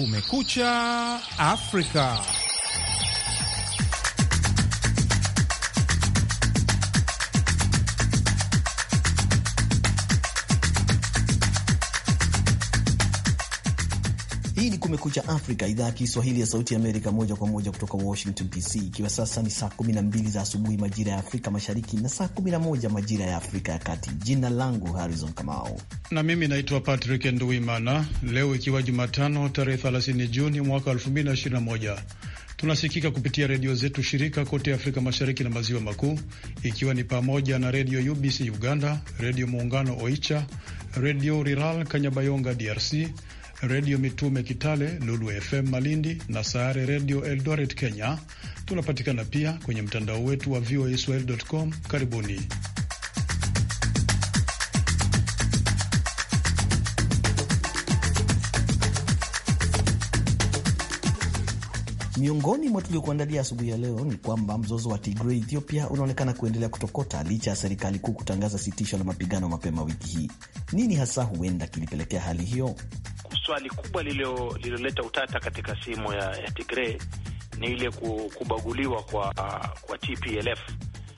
Kumekucha Afrika. kumekucha afrika idhaa ya kiswahili ya sauti amerika moja kwa moja kutoka washington dc ikiwa sasa ni saa 12 za asubuhi majira ya afrika mashariki na saa 11 majira ya afrika ya kati jina langu harrison kamau na mimi naitwa patrick nduimana leo ikiwa jumatano tarehe 30 juni mwaka 2021 tunasikika kupitia redio zetu shirika kote Afrika Mashariki na Maziwa Makuu, ikiwa ni pamoja na redio UBC Uganda, redio Muungano Oicha, redio Rural Kanyabayonga DRC, Redio Mitume Kitale, Lulu FM Malindi na Sayare Redio Eldoret Kenya. Tunapatikana pia kwenye mtandao wetu wa VOA Karibuni. Miongoni mwa tuliokuandalia asubuhi ya leo ni kwamba mzozo wa Tigray Ethiopia unaonekana kuendelea kutokota licha ya serikali kuu kutangaza sitisho la mapigano mapema wiki hii. Nini hasa huenda kilipelekea hali hiyo? swali kubwa lililoleta utata katika simu ya, ya Tigray ni ile kubaguliwa kwa, kwa TPLF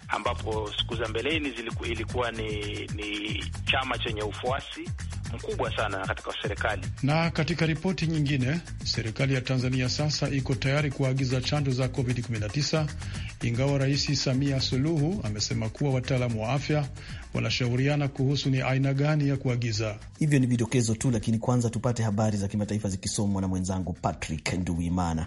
ambapo siku za mbeleni ziliku, ilikuwa ni, ni chama chenye ufuasi mkubwa sana katika serikali. Na katika ripoti nyingine, serikali ya Tanzania sasa iko tayari kuagiza chanjo za COVID-19 ingawa Rais Samia Suluhu amesema kuwa wataalamu wa afya wanashauriana kuhusu ni aina gani ya kuagiza. Hivyo ni vidokezo tu, lakini kwanza tupate habari za kimataifa zikisomwa na mwenzangu Patrick nduimana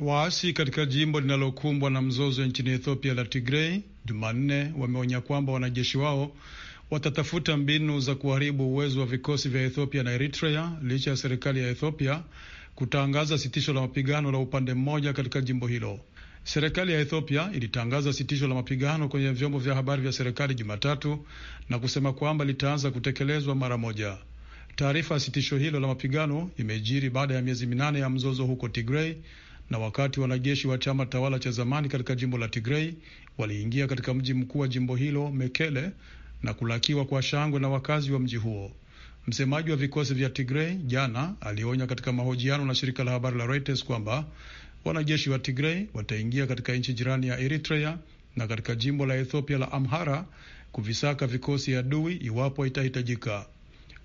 Waasi katika jimbo linalokumbwa na mzozo nchini Ethiopia la Tigrei Jumanne wameonya kwamba wanajeshi wao watatafuta mbinu za kuharibu uwezo wa vikosi vya Ethiopia na Eritrea licha ya serikali ya Ethiopia kutangaza sitisho la mapigano la upande mmoja katika jimbo hilo. Serikali ya Ethiopia ilitangaza sitisho la mapigano kwenye vyombo vya habari vya serikali Jumatatu na kusema kwamba litaanza kutekelezwa mara moja. Taarifa ya sitisho hilo la mapigano imejiri baada ya miezi minane ya mzozo huko Tigrei na wakati wanajeshi wa chama tawala cha zamani katika jimbo la Tigrei waliingia katika mji mkuu wa jimbo hilo Mekele na kulakiwa kwa shangwe na wakazi wa mji huo. Msemaji wa vikosi vya Tigrei jana alionya katika mahojiano na shirika la habari la Reuters kwamba wanajeshi wa Tigrei wataingia katika nchi jirani ya Eritrea na katika jimbo la Ethiopia la Amhara kuvisaka vikosi adui iwapo itahitajika.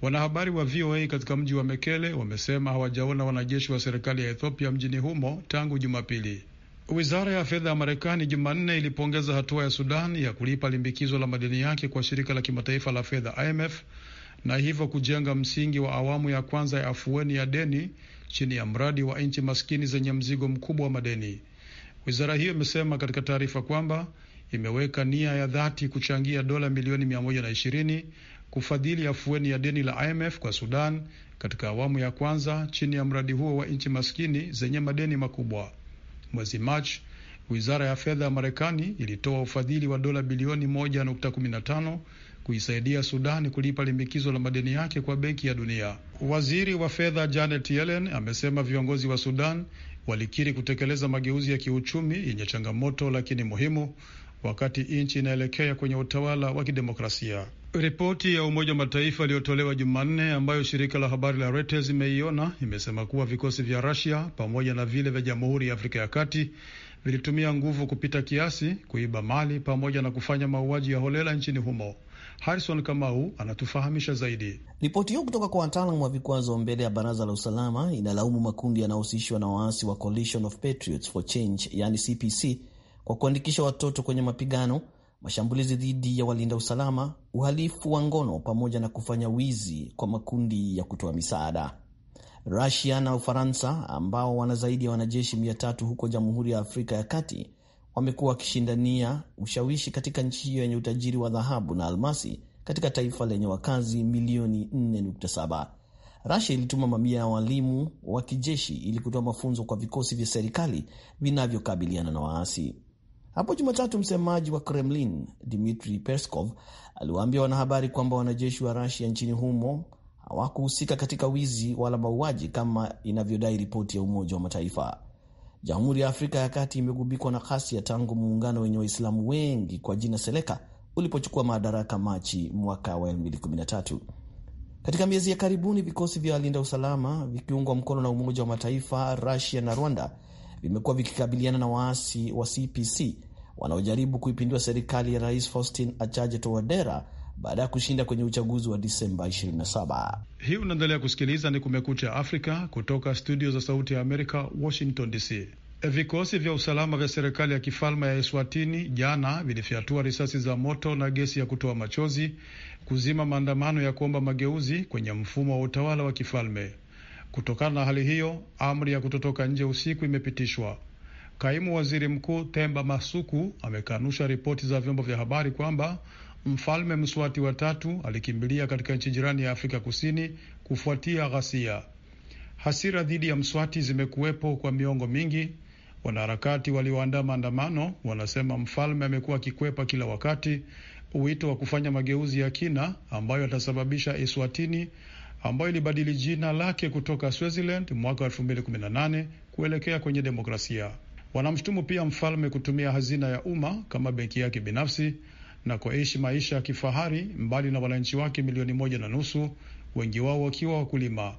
Wanahabari wa VOA katika mji wa Mekele wamesema hawajaona wanajeshi wa serikali ya Ethiopia mjini humo tangu Jumapili. Wizara ya fedha ya Marekani Jumanne ilipongeza hatua ya Sudan ya kulipa limbikizo la madeni yake kwa shirika la kimataifa la fedha IMF na hivyo kujenga msingi wa awamu ya kwanza ya afueni ya deni chini ya mradi wa nchi maskini zenye mzigo mkubwa wa madeni. Wizara hiyo imesema katika taarifa kwamba imeweka nia ya dhati kuchangia dola milioni 120 kufadhili afueni ya deni la IMF kwa Sudan katika awamu ya kwanza chini ya mradi huo wa nchi maskini zenye madeni makubwa. Mwezi Machi, wizara ya fedha ya Marekani ilitoa ufadhili wa dola bilioni 1.15 kuisaidia Sudani kulipa limbikizo la madeni yake kwa Benki ya Dunia. Waziri wa fedha Janet Yellen amesema viongozi wa Sudan walikiri kutekeleza mageuzi ya kiuchumi yenye changamoto lakini muhimu, wakati nchi inaelekea kwenye utawala wa kidemokrasia. Ripoti ya Umoja wa Mataifa iliyotolewa Jumanne ambayo shirika la habari la Reuters imeiona imesema kuwa vikosi vya rasia pamoja na vile vya Jamhuri ya Afrika ya Kati vilitumia nguvu kupita kiasi, kuiba mali pamoja na kufanya mauaji ya holela nchini humo. Harrison Kamau anatufahamisha zaidi. Ripoti hiyo kutoka kwa wataalam wa vikwazo mbele ya Baraza la Usalama inalaumu makundi yanayohusishwa na waasi wa Coalition of Patriots for Change, yani CPC, kwa kuandikisha watoto kwenye mapigano mashambulizi dhidi ya walinda usalama, uhalifu wa ngono pamoja na kufanya wizi kwa makundi ya kutoa misaada. Rusia na Ufaransa ambao wana zaidi ya wanajeshi mia tatu huko Jamhuri ya Afrika ya Kati wamekuwa wakishindania ushawishi katika nchi hiyo yenye utajiri wa dhahabu na almasi katika taifa lenye wakazi milioni 4.7. Rusia ilituma mamia ya walimu wa kijeshi ili kutoa mafunzo kwa vikosi vya serikali vinavyokabiliana na waasi. Hapo Jumatatu, msemaji wa Kremlin Dmitri Peskov aliwaambia wanahabari kwamba wanajeshi wa Rusia nchini humo hawakuhusika katika wizi wala mauaji kama inavyodai ripoti ya Umoja wa Mataifa. Jamhuri ya Afrika ya Kati imegubikwa na ghasia tangu muungano wenye Waislamu wengi kwa jina Seleka ulipochukua madaraka Machi mwaka wa 2013. Katika miezi ya karibuni, vikosi vya walinda usalama vikiungwa mkono na Umoja wa Mataifa, Rusia na Rwanda vimekuwa vikikabiliana na waasi wa CPC wanaojaribu kuipindua serikali ya Rais Faustin Achaje Towadera baada ya kushinda kwenye uchaguzi wa Disemba 27. Hii unaendelea kusikiliza ni Kumekucha Afrika kutoka studio za Sauti ya Amerika, Washington DC. Vikosi vya usalama vya serikali ya kifalme ya Eswatini jana vilifyatua risasi za moto na gesi ya kutoa machozi kuzima maandamano ya kuomba mageuzi kwenye mfumo wa utawala wa kifalme. Kutokana na hali hiyo, amri ya kutotoka nje usiku imepitishwa. Kaimu waziri mkuu Temba Masuku amekanusha ripoti za vyombo vya habari kwamba mfalme Mswati wa tatu alikimbilia katika nchi jirani ya Afrika Kusini kufuatia ghasia. Hasira dhidi ya Mswati zimekuwepo kwa miongo mingi. Wanaharakati walioandaa maandamano wanasema mfalme amekuwa akikwepa kila wakati wito wa kufanya mageuzi ya kina ambayo yatasababisha Eswatini ambayo ilibadili jina lake kutoka Swaziland mwaka 2018 kuelekea kwenye demokrasia. Wanamshutumu pia mfalme kutumia hazina ya umma kama benki yake binafsi na kuishi maisha ya kifahari mbali na wananchi wake milioni moja na nusu, wengi wao wakiwa wakulima.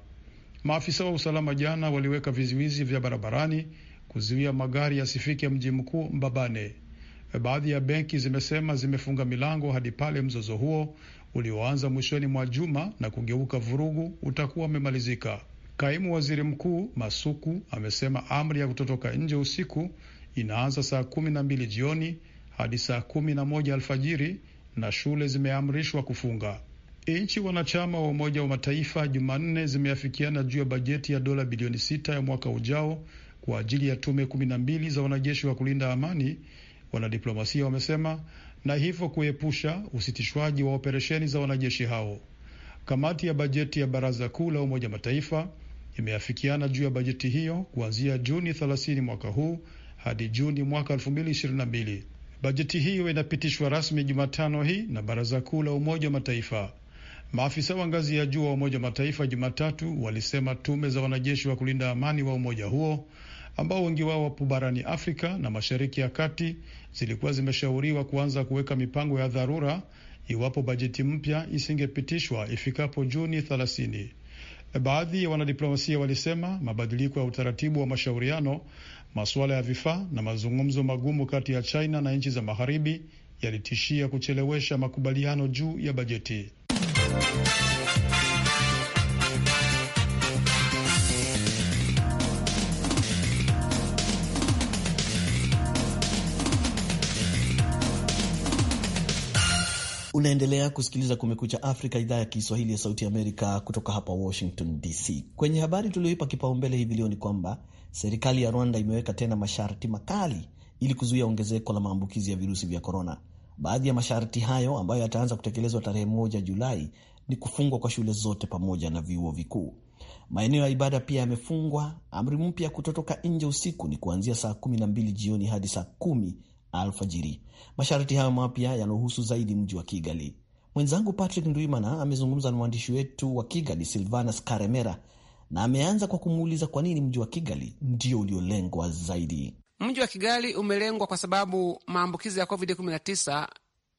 Maafisa wa usalama jana waliweka vizuizi vya barabarani kuzuia magari yasifike mji mkuu Mbabane. Baadhi ya benki zimesema zimefunga milango hadi pale mzozo huo ulioanza mwishoni mwa juma na kugeuka vurugu utakuwa umemalizika. Kaimu waziri mkuu Masuku amesema amri ya kutotoka nje usiku inaanza saa kumi na mbili jioni hadi saa kumi na moja alfajiri na shule zimeamrishwa kufunga. Nchi wanachama wa Umoja wa Mataifa Jumanne zimeafikiana juu ya bajeti ya dola bilioni sita ya mwaka ujao kwa ajili ya tume kumi na mbili za wanajeshi wa kulinda amani. Wanadiplomasia wamesema na hivyo kuepusha usitishwaji wa operesheni za wanajeshi hao. Kamati ya bajeti ya Baraza Kuu la Umoja Mataifa imeafikiana juu ya bajeti hiyo kuanzia Juni 30 mwaka huu hadi Juni mwaka 2022. Bajeti hiyo inapitishwa rasmi Jumatano hii na Baraza Kuu la Umoja wa Mataifa. Maafisa wa ngazi ya juu wa Umoja Mataifa Jumatatu walisema tume za wanajeshi wa kulinda amani wa umoja huo ambao wengi wao wapo barani Afrika na Mashariki ya Kati zilikuwa zimeshauriwa kuanza kuweka mipango ya dharura iwapo bajeti mpya isingepitishwa ifikapo Juni 30. Baadhi ya wanadiplomasia walisema mabadiliko ya utaratibu wa mashauriano, masuala ya vifaa na mazungumzo magumu kati ya China na nchi za Magharibi yalitishia kuchelewesha makubaliano juu ya bajeti. Unaendelea kusikiliza Kumekucha Afrika, idhaa ya Kiswahili ya Sauti Amerika kutoka hapa Washington DC. Kwenye habari tulioipa kipaumbele hivi leo ni kwamba serikali ya Rwanda imeweka tena masharti makali ili kuzuia ongezeko la maambukizi ya virusi vya korona. Baadhi ya masharti hayo ambayo yataanza kutekelezwa tarehe moja Julai ni kufungwa kwa shule zote pamoja na vyuo vikuu. Maeneo ya ibada pia yamefungwa. Amri mpya ya kutotoka nje usiku ni kuanzia saa kumi na mbili jioni hadi saa kumi alfajiri. Masharti hayo mapya yanahusu zaidi mji wa Kigali. Mwenzangu Patrick Ndwimana amezungumza na mwandishi wetu wa Kigali Silvanas Karemera na ameanza kwa kumuuliza kwa nini mji wa Kigali ndio uliolengwa zaidi. Mji wa Kigali umelengwa kwa sababu maambukizi ya COVID-19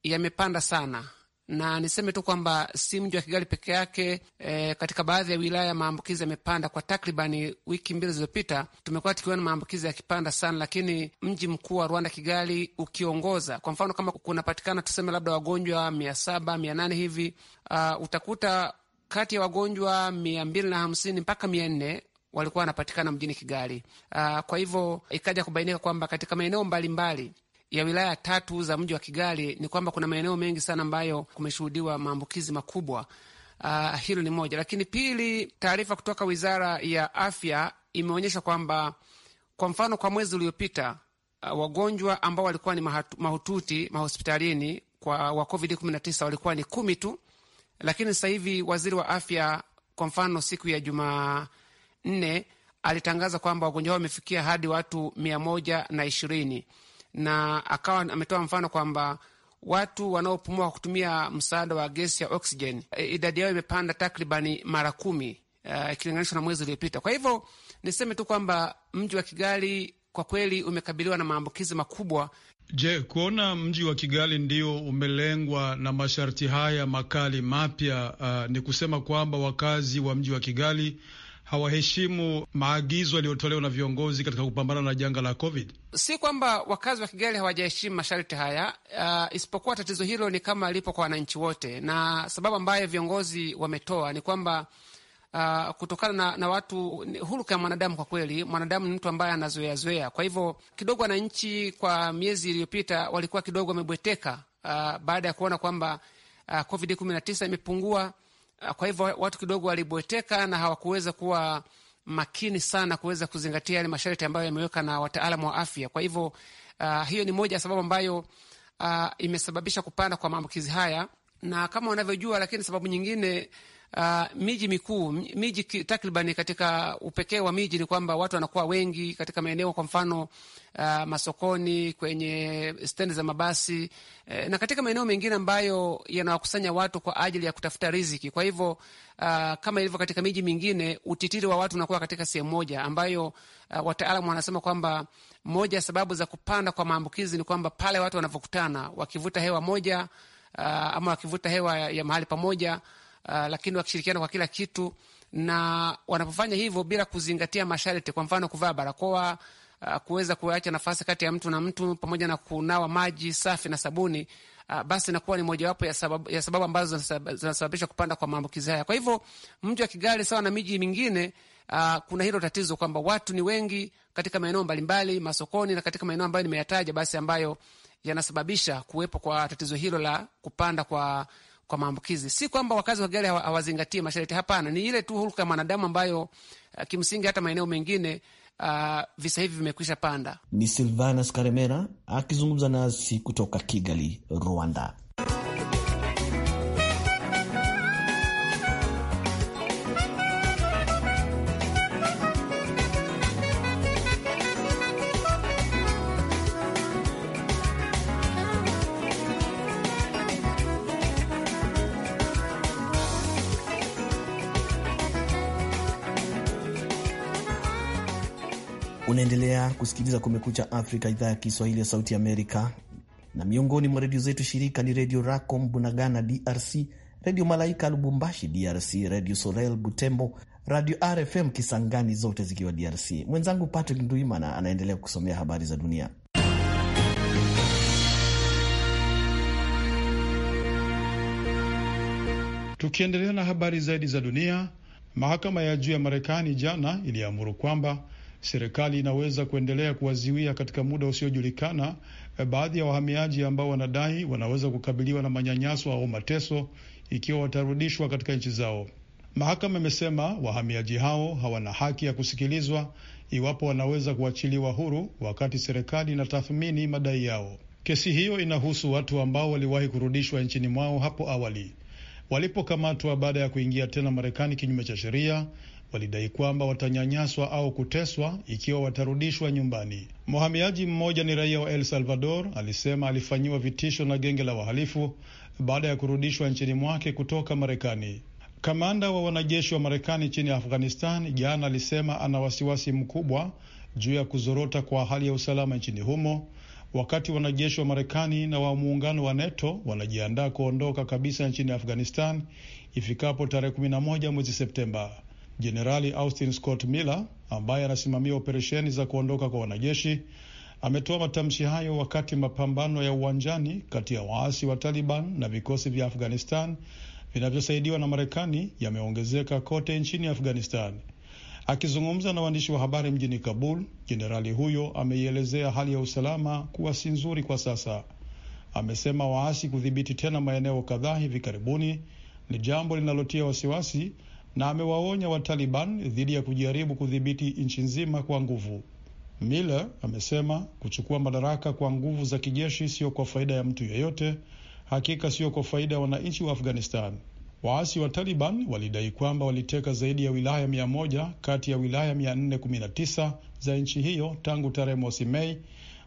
yamepanda sana na niseme tu kwamba si mji wa Kigali peke yake. E, katika baadhi ya wilaya maambukizi yamepanda. Kwa takribani wiki mbili zilizopita, tumekuwa tukiona maambukizi yakipanda sana, lakini mji mkuu wa Rwanda, Kigali, ukiongoza. Kwa mfano, kama kunapatikana tuseme labda wagonjwa mia saba mia nane hivi, uh, utakuta kati ya wagonjwa mia mbili na hamsini mpaka mia nne walikuwa wanapatikana mjini Kigali. Uh, kwa hivyo ikaja kubainika kwamba katika maeneo mbalimbali ya wilaya tatu za mji wa Kigali ni kwamba kuna maeneo mengi sana ambayo kumeshuhudiwa maambukizi makubwa. Uh, hilo ni moja, lakini pili, taarifa kutoka wizara ya afya imeonyesha kwamba kwa mfano kwa mwezi uliopita uh, wagonjwa ambao walikuwa ni mahatu, mahututi mahospitalini kwa wa Covid 19 walikuwa ni kumi tu, lakini sasa hivi waziri wa afya kwa mfano siku ya Jumanne alitangaza kwamba wagonjwa hao wamefikia hadi watu mia moja na ishirini na akawa ametoa mfano kwamba watu wanaopumua kwa kutumia msaada wa gesi ya oksijeni e, idadi yao imepanda takribani mara kumi e, ikilinganishwa uh, na mwezi uliopita. Kwa hivyo niseme tu kwamba mji wa Kigali kwa kweli umekabiliwa na maambukizi makubwa. Je, kuona mji wa Kigali ndio umelengwa na masharti haya makali mapya, uh, ni kusema kwamba wakazi wa mji wa Kigali hawaheshimu maagizo yaliyotolewa na viongozi katika kupambana na janga la COVID? Si kwamba wakazi wa Kigali hawajaheshimu masharti haya, uh, isipokuwa tatizo hilo ni kama lipo kwa wananchi wote, na sababu ambayo viongozi wametoa ni kwamba Uh, kutokana na, na watu huruka ya mwanadamu. Kwa kweli mwanadamu ni mtu ambaye anazoeazoea, kwa hivyo kidogo wananchi kwa miezi iliyopita walikuwa kidogo wamebweteka, uh, baada ya kuona kwamba uh, COVID-19 imepungua kwa hivyo watu kidogo walibweteka na hawakuweza kuwa makini sana kuweza kuzingatia yale masharti ambayo yameweka na wataalamu wa afya. Kwa hivyo uh, hiyo ni moja ya sababu ambayo uh, imesababisha kupanda kwa maambukizi haya, na kama wanavyojua, lakini sababu nyingine Uh, miji mikuu miji takriban, katika upekee wa miji ni kwamba watu wanakuwa wengi katika maeneo, kwa mfano uh, masokoni, kwenye stendi za mabasi uh, na katika maeneo mengine ambayo yanawakusanya watu kwa ajili ya kutafuta riziki. Kwa hivyo uh, kama ilivyo katika miji mingine, utitiri wa watu unakuwa katika sehemu moja ambayo uh, wataalamu wanasema kwamba moja ya sababu za kupanda kwa maambukizi ni kwamba pale watu wanavyokutana wakivuta hewa moja uh, ama wakivuta hewa ya, ya mahali pamoja Ah, lakini wakishirikiana kwa kila kitu, na wanapofanya hivyo bila kuzingatia masharti, kwa mfano kuvaa barakoa Uh, kuweza kuacha nafasi kati ya mtu na mtu pamoja na kunawa maji safi na sabuni, uh, basi inakuwa ni mojawapo ya sababu, ya sababu ambazo zinasababisha kupanda kwa maambukizi haya. Kwa hivyo mji wa Kigali sawa na miji mingine uh, kuna hilo tatizo kwamba watu ni wengi katika maeneo mbalimbali, masokoni na katika maeneo ambayo nimeyataja, basi ambayo yanasababisha kuwepo kwa tatizo hilo la kupanda kwa kwa maambukizi. Si kwamba wakazi wa Kigali hawazingatii masharti, hapana, ni ile tu hulka ya mwanadamu ambayo uh, kimsingi hata maeneo mengine uh, visa hivi vimekwisha panda. Ni Silvanus Karemera akizungumza nasi kutoka Kigali, Rwanda. Unaendelea kusikiliza Kumekucha Afrika, idhaa ya Kiswahili ya Sauti Amerika, na miongoni mwa redio zetu shirika ni Redio Racom Bunagana DRC, Redio Malaika Lubumbashi DRC, Redio Sorel Butembo, Radio RFM Kisangani, zote zikiwa DRC. Mwenzangu Patrick Nduimana anaendelea kusomea habari za dunia. Tukiendelea na habari zaidi za dunia, mahakama ya juu ya Marekani jana iliamuru kwamba serikali inaweza kuendelea kuwaziwia katika muda usiojulikana eh, baadhi ya wahamiaji ambao wanadai wanaweza kukabiliwa na manyanyaso au mateso ikiwa watarudishwa katika nchi zao. Mahakama imesema wahamiaji hao hawana haki ya kusikilizwa iwapo wanaweza kuachiliwa huru wakati serikali inatathmini madai yao. Kesi hiyo inahusu watu ambao waliwahi kurudishwa nchini mwao hapo awali walipokamatwa baada ya kuingia tena Marekani kinyume cha sheria walidai kwamba watanyanyaswa au kuteswa ikiwa watarudishwa nyumbani. Mhamiaji mmoja ni raia wa El Salvador alisema alifanyiwa vitisho na genge la wahalifu baada ya kurudishwa nchini mwake kutoka Marekani. Kamanda wa wanajeshi wa Marekani nchini Afghanistan jana alisema ana wasiwasi mkubwa juu ya kuzorota kwa hali ya usalama nchini humo, wakati wanajeshi wa Marekani na wa muungano wa NATO wanajiandaa kuondoka kabisa nchini Afghanistan ifikapo tarehe 11 mwezi Septemba. Jenerali Austin Scott Miller ambaye anasimamia operesheni za kuondoka kwa wanajeshi ametoa matamshi hayo wakati mapambano ya uwanjani kati ya waasi wa Taliban na vikosi vya Afghanistan vinavyosaidiwa na Marekani yameongezeka kote nchini Afghanistan. Akizungumza na waandishi wa habari mjini Kabul, jenerali huyo ameielezea hali ya usalama kuwa si nzuri kwa sasa. Amesema waasi kudhibiti tena maeneo kadhaa hivi karibuni ni jambo linalotia wasiwasi, na amewaonya Wataliban dhidi ya kujaribu kudhibiti nchi nzima kwa nguvu. Miller amesema kuchukua madaraka kwa nguvu za kijeshi sio kwa faida ya mtu yeyote, hakika sio kwa faida ya wananchi wa Afghanistan. Waasi wa Taliban walidai kwamba waliteka zaidi ya wilaya mia moja kati ya wilaya 419 za nchi hiyo tangu tarehe mosi Mei,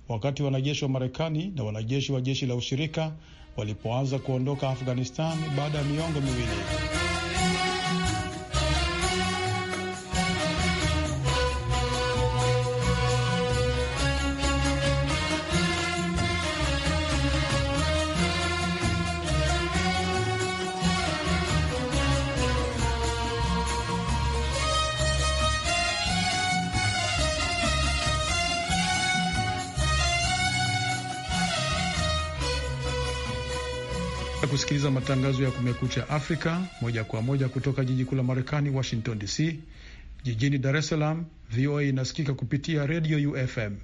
wakati wanajeshi wa Marekani na wanajeshi wa jeshi la ushirika walipoanza kuondoka Afghanistan baada ya miongo miwili. kusikiliza matangazo ya Kumekucha Afrika moja kwa moja kutoka jiji kuu la Marekani, Washington DC. Jijini Dar es Salaam, VOA inasikika kupitia redio UFM.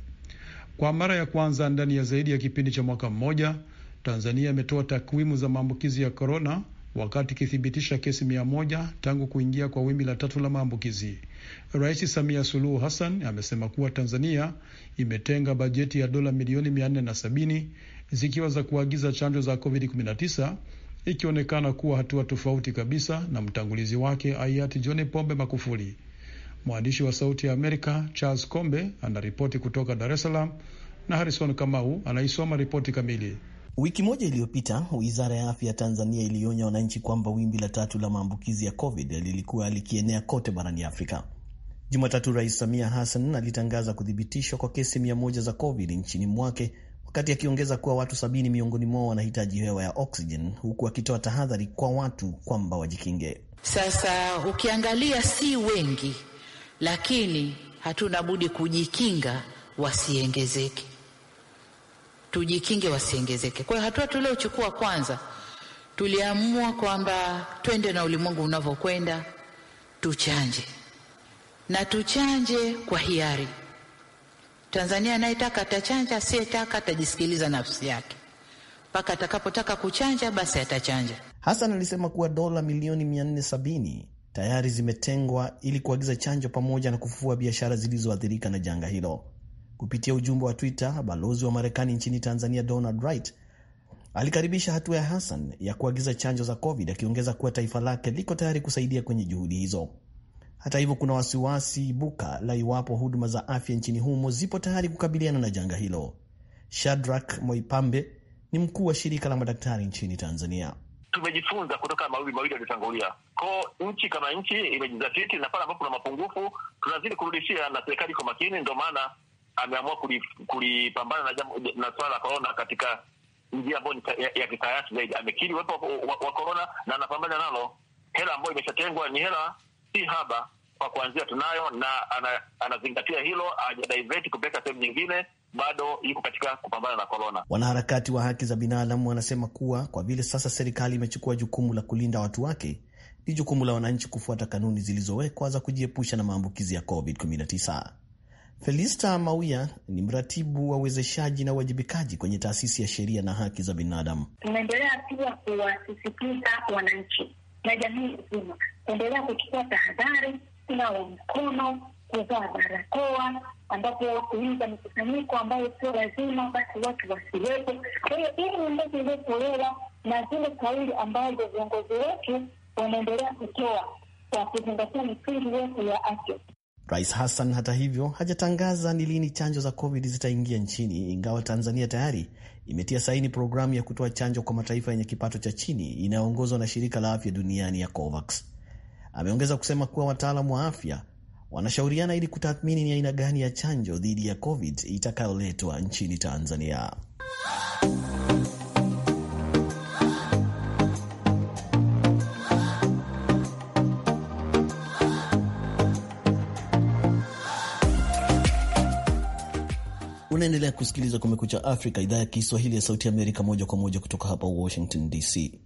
Kwa mara ya kwanza ndani ya zaidi ya kipindi cha mwaka mmoja, Tanzania imetoa takwimu za maambukizi ya korona wakati ikithibitisha kesi mia moja tangu kuingia kwa wimbi la tatu la maambukizi. Rais Samia Suluhu Hassan amesema kuwa Tanzania imetenga bajeti ya dola milioni mia nne na sabini zikiwa za kuagiza chanjo za COVID-19, ikionekana kuwa hatua tofauti kabisa na mtangulizi wake hayati John Pombe Magufuli. Mwandishi wa Sauti ya Amerika Charles Kombe anaripoti kutoka Dar es Salaam na Harrison Kamau anaisoma ripoti kamili. Wiki moja iliyopita wizara ya afya ya Tanzania ilionya wananchi kwamba wimbi la tatu la maambukizi ya COVID lilikuwa likienea kote barani Afrika. Jumatatu, Rais Samia Hassan alitangaza kuthibitishwa kwa kesi mia moja za COVID nchini mwake wakati akiongeza kuwa watu sabini miongoni mwao wanahitaji hewa ya oksijen, huku akitoa tahadhari kwa watu kwamba wajikinge. Sasa ukiangalia si wengi, lakini hatuna budi kujikinga wasiengezeke, tujikinge wasiengezeke. Kwa hiyo hatua tuliochukua kwanza, tuliamua kwamba twende na ulimwengu unavyokwenda, tuchanje na tuchanje kwa hiari Tanzania anayetaka atachanja, asiyetaka atajisikiliza nafsi yake mpaka atakapotaka kuchanja basi atachanja. Hassan alisema kuwa dola milioni 470 tayari zimetengwa ili kuagiza chanjo pamoja na kufufua biashara zilizoathirika na janga hilo. Kupitia ujumbe wa Twitter, balozi wa Marekani nchini Tanzania Donald Wright alikaribisha hatua ya Hassan ya kuagiza chanjo za COVID, akiongeza kuwa taifa lake liko tayari kusaidia kwenye juhudi hizo. Hata hivyo, kuna wasiwasi buka la iwapo huduma za afya nchini humo zipo tayari kukabiliana na janga hilo. Shadrack Moipambe ni mkuu wa shirika la madaktari nchini Tanzania. Tumejifunza kutoka mawili mawili yaliyotangulia ko nchi kama nchi imejizatiti, na pale ambapo kuna mapungufu tunazidi kurudishia, na serikali kwa makini, ndio maana ameamua kulipambana na na swala la korona katika njia ambayo ya kisayansi zaidi. Amekiri uwepo wa korona na anapambana nalo. Hela ambayo imeshatengwa ni hela si haba, kwa kuanzia tunayo na ana, anazingatia hilo, hajadivert kupeleka sehemu nyingine, bado iko katika kupambana na korona. Wanaharakati wa haki za binadamu wanasema kuwa kwa vile sasa serikali imechukua jukumu la kulinda watu wake, ni jukumu la wananchi kufuata kanuni zilizowekwa za kujiepusha na maambukizi ya COVID-19. Felista Mawia ni mratibu wa uwezeshaji na uwajibikaji kwenye taasisi ya sheria na haki za binadamu. Tunaendelea pia kuwasisitiza wananchi na jamii nzima kuendelea kuchukua tahadhari kunawa mkono, kuvaa barakoa, ambapo kuinza mkusanyiko ambayo sio lazima, basi watu wasiwepo. Kwa hiyo ili miongozo iliyotolewa na zile kauli ambazo viongozi wetu wanaendelea kutoa kwa kuzingatia misingi yetu ya afya. Rais Hassan hata hivyo hajatangaza ni lini chanjo za COVID zitaingia nchini, ingawa Tanzania tayari imetia saini programu ya kutoa chanjo kwa mataifa yenye kipato cha chini inayoongozwa na shirika la afya duniani ya COVAX. Ameongeza kusema kuwa wataalamu wa afya wanashauriana ili kutathmini ni aina gani ya chanjo dhidi ya COVID itakayoletwa nchini Tanzania. Unaendelea kusikiliza Kumekucha Afrika, idhaa ya Kiswahili ya Sauti ya Amerika, moja kwa moja kutoka hapa Washington DC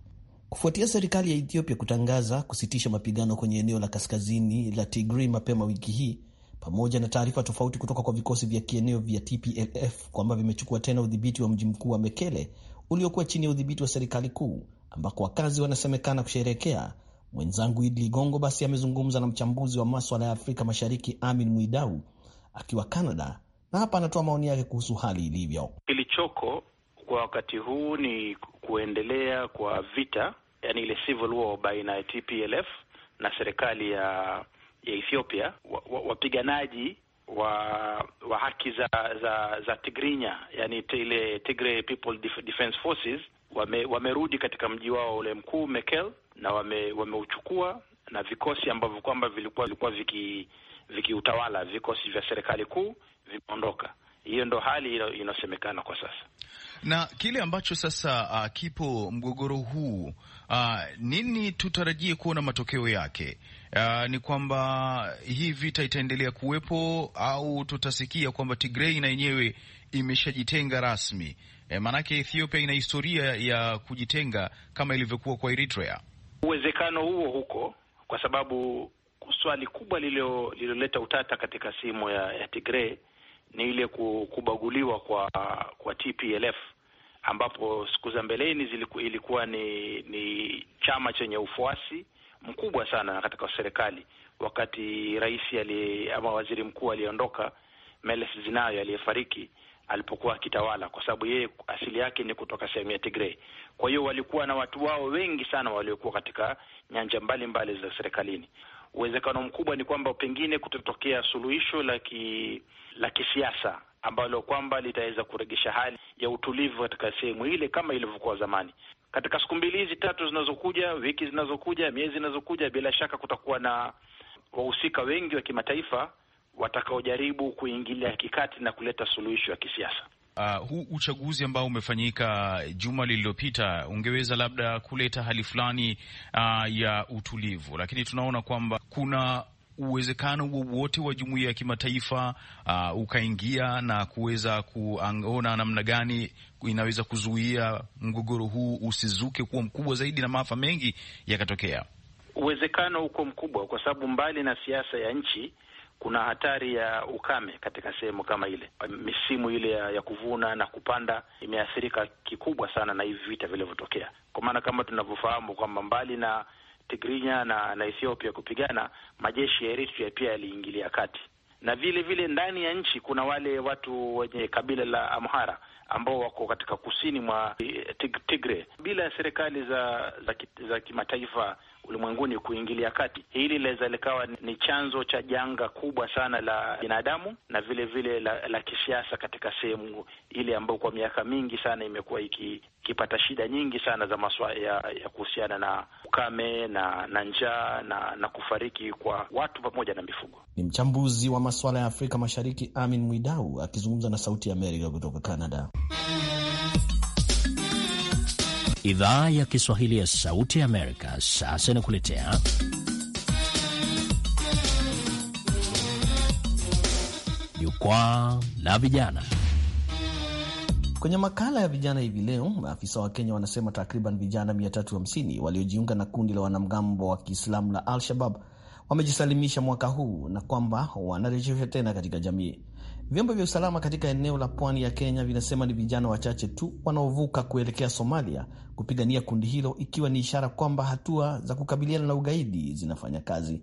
kufuatia serikali ya Ethiopia kutangaza kusitisha mapigano kwenye eneo la kaskazini la Tigray mapema wiki hii, pamoja na taarifa tofauti kutoka kwa vikosi vya kieneo vya TPLF kwamba vimechukua tena udhibiti wa mji mkuu wa Mekele uliokuwa chini ya udhibiti wa serikali kuu, ambako wakazi wanasemekana kusherekea. Mwenzangu Idi Ligongo basi amezungumza na mchambuzi wa maswala ya Afrika Mashariki Amin Mwidau akiwa Canada, na hapa anatoa maoni yake kuhusu hali ilivyo. Kilichoko kwa wakati huu ni kuendelea kwa vita, yani ile civil war baina ya TPLF na serikali ya, ya Ethiopia. Wapiganaji wa, wa, wa haki za, za, za Tigrinya, yani ile Tigray People Defense Forces wame, wamerudi katika mji wao ule mkuu Mekel na wame, wameuchukua na vikosi ambavyo kwamba vilikuwa vilikuwa vikiutawala viki vikosi vya serikali kuu vimeondoka. Hiyo ndo hali inayosemekana kwa sasa na kile ambacho sasa uh, kipo mgogoro huu uh, nini tutarajie kuona matokeo yake? Uh, ni kwamba hii vita itaendelea kuwepo au tutasikia kwamba Tigray na yenyewe imeshajitenga rasmi? E, maanake Ethiopia ina historia ya kujitenga kama ilivyokuwa kwa Eritrea. Uwezekano huo huko, kwa sababu swali kubwa lililoleta utata katika sehemu ya, ya Tigray ni ile kubaguliwa kwa kwa TPLF ambapo siku za mbeleni ziliku, ilikuwa ni ni chama chenye ufuasi mkubwa sana katika serikali. Wakati rais ama waziri mkuu aliyeondoka Meles Zenawi aliyefariki alipokuwa akitawala, kwa sababu yeye asili yake ni kutoka sehemu ya Tigray. Kwa hiyo walikuwa na watu wao wengi sana waliokuwa katika nyanja mbalimbali mbali za serikalini uwezekano mkubwa ni kwamba pengine kutatokea suluhisho la ki, la kisiasa ambalo kwamba litaweza kuregesha hali ya utulivu katika sehemu ile kama ilivyokuwa zamani. Katika siku mbili hizi tatu zinazokuja, wiki zinazokuja, miezi zinazokuja, bila shaka kutakuwa na wahusika wengi wa kimataifa watakaojaribu kuingilia kikati na kuleta suluhisho ya kisiasa uh, huu uchaguzi ambao umefanyika juma lililopita ungeweza labda kuleta hali fulani uh, ya utulivu, lakini tunaona kwamba kuna uwezekano wowote wa jumuiya ya kimataifa uh, ukaingia na kuweza kuona namna gani inaweza kuzuia mgogoro huu usizuke kuwa mkubwa zaidi na maafa mengi yakatokea. Uwezekano uko mkubwa, kwa sababu mbali na siasa ya nchi kuna hatari ya ukame katika sehemu kama ile. Misimu ile ya, ya kuvuna na kupanda imeathirika kikubwa sana na hivi vita vilivyotokea, kwa maana kama tunavyofahamu kwamba mbali na Tigrinya na, na Ethiopia kupigana, majeshi ya Eritrea pia yaliingilia kati, na vile vile ndani ya nchi kuna wale watu wenye kabila la Amhara ambao wako katika kusini mwa Tigre. Bila serikali za za, za kimataifa ulimwenguni kuingilia kati. Hili linaweza likawa ni chanzo cha janga kubwa sana la binadamu na vile vile la, la kisiasa katika sehemu ile ambayo kwa miaka mingi sana imekuwa ikipata shida nyingi sana za masuala ya, ya kuhusiana na ukame na na njaa na, na kufariki kwa watu pamoja na mifugo. Ni mchambuzi wa masuala ya Afrika Mashariki Amin Mwidau akizungumza na Sauti ya Amerika kutoka Canada. Idhaa ya Kiswahili ya Sauti ya Amerika sasa inakuletea jukwaa la vijana. Kwenye makala ya vijana hivi leo, maafisa wa Kenya wanasema takriban vijana 350 waliojiunga na kundi la wanamgambo wa Kiislamu la Al-Shabab wamejisalimisha mwaka huu na kwamba wanarejeshwa tena katika jamii. Vyombo vya usalama katika eneo la pwani ya Kenya vinasema ni vijana wachache tu wanaovuka kuelekea Somalia kupigania kundi hilo, ikiwa ni ishara kwamba hatua za kukabiliana na ugaidi zinafanya kazi.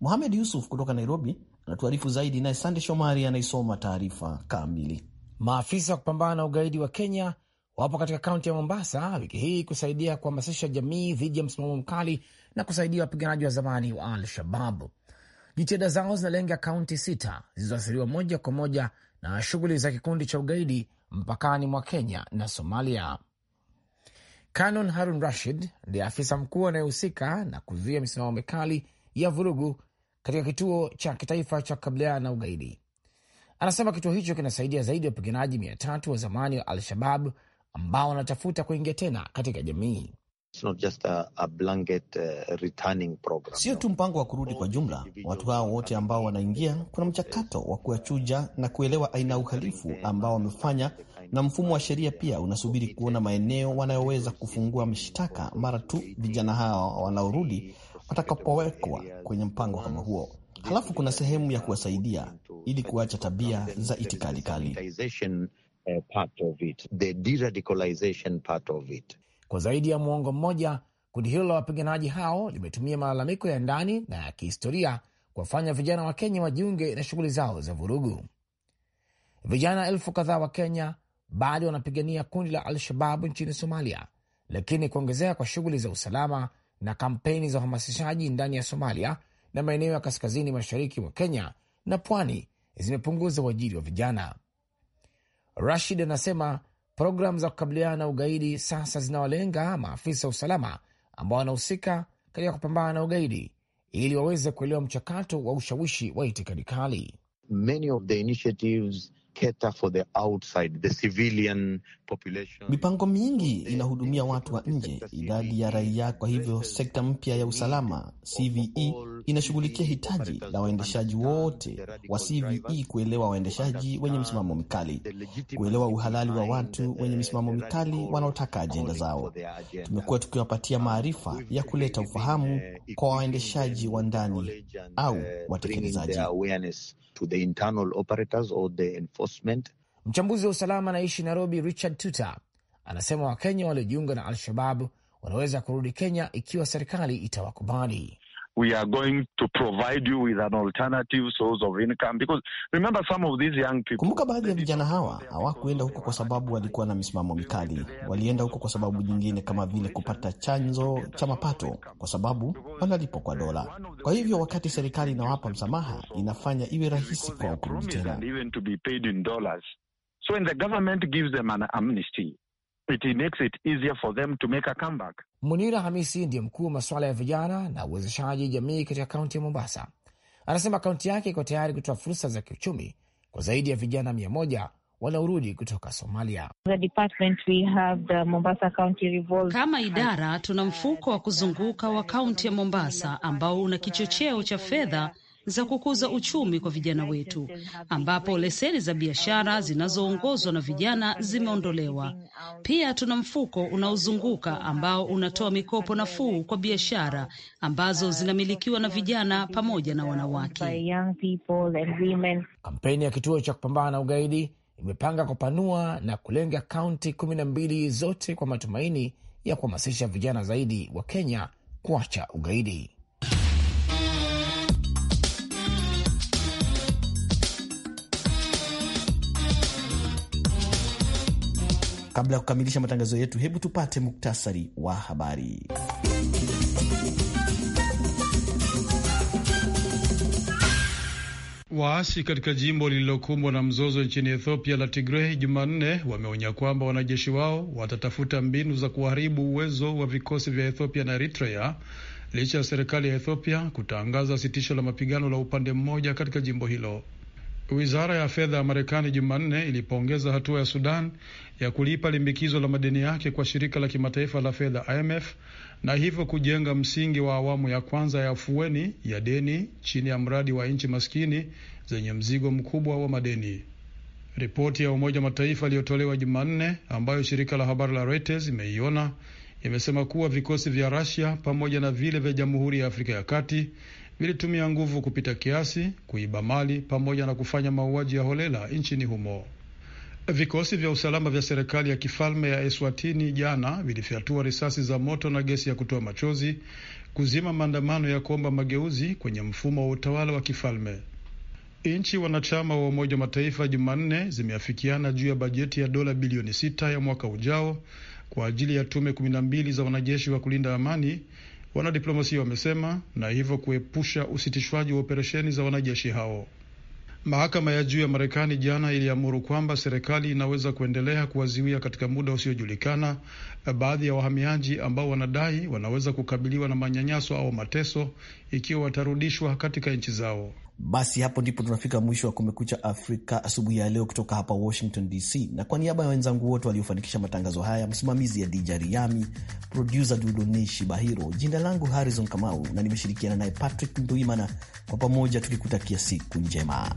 muhamed Yusuf kutoka Nairobi anatuarifu zaidi, naye Sande Shomari anaisoma taarifa kamili. Maafisa wa kupambana na ugaidi wa Kenya wapo katika kaunti ya Mombasa wiki hii kusaidia kuhamasisha jamii dhidi ya msimamo mkali na kusaidia wapiganaji wa zamani wa Al-Shababu. Jitihada zao zinalenga kaunti sita zilizoathiriwa moja kwa moja na shughuli za kikundi cha ugaidi mpakani mwa Kenya na Somalia. Canon Harun Rashid ndiye afisa mkuu anayehusika na kuzuia misimamo mikali ya vurugu katika kituo cha kitaifa cha kukabiliana na ugaidi. Anasema kituo hicho kinasaidia zaidi ya wapiganaji mia tatu wa zamani wa Al-Shabab ambao wanatafuta kuingia tena katika jamii. Uh, Sio tu mpango wa kurudi kwa jumla. Watu hao wote ambao wanaingia, kuna mchakato wa kuyachuja na kuelewa aina ya uhalifu ambao wamefanya, na mfumo wa sheria pia unasubiri kuona maeneo wanayoweza kufungua mshtaka mara tu vijana hao wanaorudi watakapowekwa kwenye mpango kama huo. Halafu kuna sehemu ya kuwasaidia ili kuacha tabia za itikadi kali. Kwa zaidi ya muongo mmoja, kundi hilo la wapiganaji hao limetumia malalamiko ya ndani na ya kihistoria kuwafanya vijana wa Kenya wajiunge na shughuli zao za vurugu. Vijana elfu kadhaa wa Kenya bado wanapigania kundi la Al-Shababu nchini Somalia, lakini kuongezeka kwa shughuli za usalama na kampeni za uhamasishaji ndani ya Somalia na maeneo ya kaskazini mashariki mwa Kenya na pwani zimepunguza uajiri wa vijana. Rashid anasema Programu za kukabiliana na ugaidi sasa zinawalenga maafisa wa usalama ambao wanahusika katika kupambana na ugaidi ili waweze kuelewa mchakato wa ushawishi wa itikadi kali. Mipango mingi inahudumia watu wa nje, idadi ya e, raia. Kwa hivyo sekta mpya ya usalama CVE e, inashughulikia hitaji la waendeshaji wote wa CVE e kuelewa waendeshaji wenye msimamo mkali, kuelewa uhalali wa watu wenye msimamo mikali wanaotaka ajenda zao. Tumekuwa tukiwapatia maarifa ya kuleta ufahamu uh, kwa waendeshaji wa ndani au uh, watekelezaji. Mchambuzi wa usalama anaishi Nairobi, Richard Tuta anasema Wakenya waliojiunga na Al-Shabab wanaweza kurudi Kenya ikiwa serikali itawakubali. We are going to provide you with an alternative source of income because remember some of these young people. Kumbuka baadhi ya vijana hawa hawakuenda huko kwa sababu walikuwa na misimamo mikali, walienda huko kwa sababu nyingine kama vile kupata chanzo cha mapato, kwa sababu wanalipwa kwa dola. Kwa hivyo wakati serikali inawapa msamaha, inafanya iwe rahisi kwao kurudi tena. So when the government gives them an amnesty, it makes it easier for them to make a comeback. Munira Hamisi ndiye mkuu wa masuala ya vijana na uwezeshaji jamii katika kaunti ya Mombasa. Anasema kaunti yake iko tayari kutoa fursa za kiuchumi kwa zaidi ya vijana mia moja wanaorudi kutoka Somalia. The department we have the Mombasa County Revolve. Kama idara tuna mfuko wa kuzunguka wa kaunti ya Mombasa ambao una kichocheo cha fedha za kukuza uchumi kwa vijana wetu, ambapo leseni za biashara zinazoongozwa na vijana zimeondolewa. Pia tuna mfuko unaozunguka ambao unatoa mikopo nafuu kwa biashara ambazo zinamilikiwa na vijana pamoja na wanawake. Kampeni ya kituo cha kupambana na ugaidi imepanga kupanua na kulenga kaunti kumi na mbili zote kwa matumaini ya kuhamasisha vijana zaidi wa Kenya kuacha ugaidi. Kabla ya kukamilisha matangazo yetu, hebu tupate muktasari wa habari. Waasi katika jimbo lililokumbwa na mzozo nchini Ethiopia la Tigrei Jumanne wameonya kwamba wanajeshi wao watatafuta mbinu za kuharibu uwezo wa vikosi vya Ethiopia na Eritrea licha ya serikali ya Ethiopia kutangaza sitisho la mapigano la upande mmoja katika jimbo hilo. Wizara ya fedha ya Marekani Jumanne ilipongeza hatua ya Sudan ya kulipa limbikizo la madeni yake kwa shirika la kimataifa la fedha IMF na hivyo kujenga msingi wa awamu ya kwanza ya afueni ya deni chini ya mradi wa nchi maskini zenye mzigo mkubwa wa madeni. Ripoti ya Umoja Mataifa iliyotolewa Jumanne, ambayo shirika la habari la Reuters imeiona, imesema kuwa vikosi vya Russia pamoja na vile vya Jamhuri ya Afrika ya Kati vilitumia nguvu kupita kiasi, kuiba mali pamoja na kufanya mauaji ya holela nchini humo. Vikosi vya usalama vya serikali ya kifalme ya Eswatini jana vilifyatua risasi za moto na gesi ya kutoa machozi kuzima maandamano ya kuomba mageuzi kwenye mfumo wa utawala wa kifalme. Nchi wanachama wa Umoja wa Mataifa Jumanne zimeafikiana juu ya bajeti ya dola bilioni sita ya mwaka ujao kwa ajili ya tume kumi na mbili za wanajeshi wa kulinda amani, wanadiplomasia wamesema, na hivyo kuepusha usitishwaji wa operesheni za wanajeshi hao. Mahakama ya juu ya Marekani jana iliamuru kwamba serikali inaweza kuendelea kuwaziwia katika muda usiojulikana eh, baadhi ya wahamiaji ambao wanadai wanaweza kukabiliwa na manyanyaso au mateso ikiwa watarudishwa katika nchi zao. Basi hapo ndipo tunafika mwisho wa Kumekucha Afrika asubuhi ya leo, kutoka hapa Washington DC, na kwa niaba ya wenzangu wote waliofanikisha matangazo haya, msimamizi ya Dija Riami, produsa Dudoneshi Bahiro, jina langu Harrison Kamau na nimeshirikiana naye Patrick Nduimana, kwa pamoja tukikutakia siku njema.